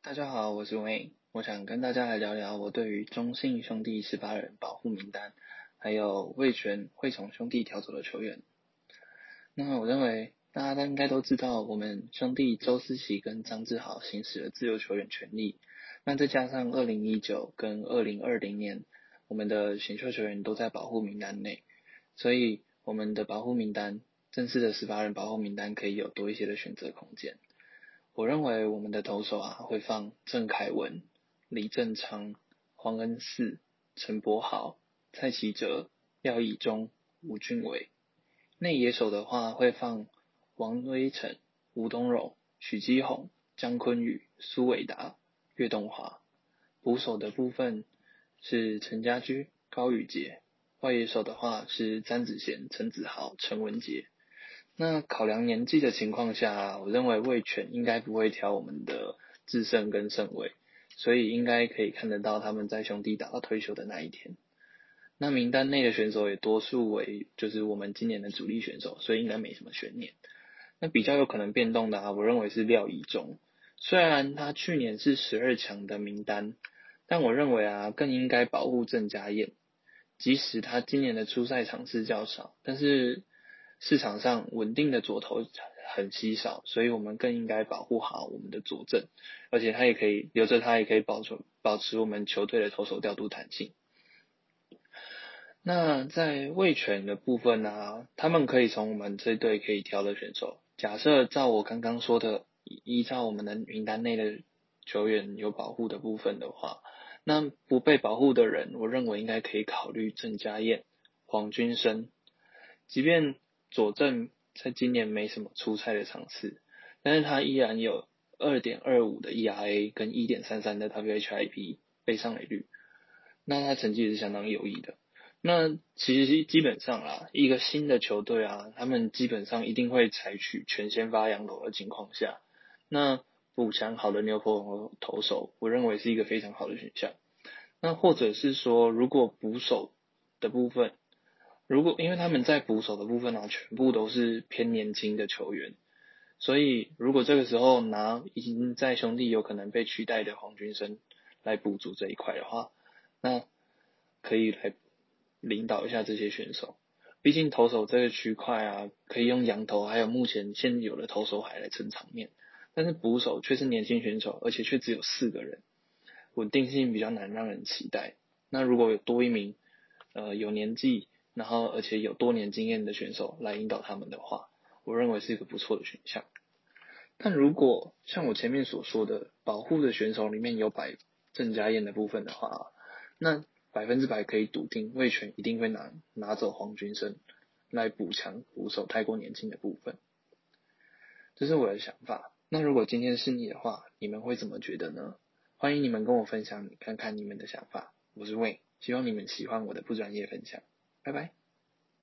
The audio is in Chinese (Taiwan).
大家好，我是 Wayne，我想跟大家來聊聊我對於中信兄弟十八人保護名單，還有味全會從兄弟調走的球員。那我認為大家應該都知道，我們兄弟周思齊跟張志豪行使了自由球員權利。那再加上二零一九跟二零二零年我們的選秀球員都在保護名單內，所以我們的保護名單正式的十八人保護名單可以有多一些的選擇空間。我認為我們的投手啊會放鄭凱文、李振昌、黃恩賜、陳柏豪、蔡齊哲、廖乙忠、吳俊偉。內野手的話會放王威晨、吳東融、許基宏、江坤宇、蘇緯達、岳東華。捕手的部分是陳家駒、高宇杰。外野手的話是詹子賢、陳子豪、陳文杰。那考量年紀的情況下，啊，我認為味全應該不會挑我們的智勝跟勝偉，所以應該可以看得到他們在兄弟打到退休的那一天。那名單內的選手也多數為就是我們今年的主力選手，所以應該沒什麼懸念。那比較有可能變動的啊，我認為是廖乙忠，雖然他去年是十二強的名單，但我認為啊更應該保護鄭家彥。即使他今年的出賽場次較少，但是。市場上穩定的左投很稀少，所以我們更應該保護好我們的左鎮，而且他也可以留着，他也可以保存、保持我們球隊的投手調度彈性。那在味全的部分呢、啊？他們可以從我們這隊可以挑的選手，假設照我剛剛說的，依照我們的名單內的球員有保護的部分的話，那不被保護的人，我認為應該可以考慮鄭嘉彥、黃君生，即便。佐證在今年沒什麼出賽的場次，但是他依然有二點二五的 ERA 跟一點三三的 WHIP 被上壘率，那他成績也是相當優異的。那其實基本上啦、啊，一個新的球隊啊，他們基本上一定會採取全先發羊頭的情況下，那補強好的牛棚投手，我認為是一個非常好的選項。那或者是說，如果捕手的部分。如果因為他們在捕手的部分啊，全部都是偏年輕的球員，所以如果這個時候拿已經在兄弟有可能被取代的黃鈞聲來補足這一塊的話，那可以來領導一下這些選手。畢竟投手這個區塊啊，可以用洋投還有目前現有的投手海來撐場面，但是捕手卻是年輕選手，而且卻只有四個人，穩定性比較難讓人期待。那如果有多一名呃有年紀然後，而且有多年經驗的選手來引導他們的話，我認為是一個不錯的選項。但如果像我前面所說的，保護的選手裡面有百鄭家燕的部分的話，那百分之百可以篤定味全一定會拿拿走黃鈞聲來補強捕手太過年輕的部分。這是我的想法。那如果今天是你的話，你們會怎麼覺得呢？歡迎你們跟我分享，看看你們的想法。我是 Wayne，希望你們喜歡我的不專業分享。拜拜。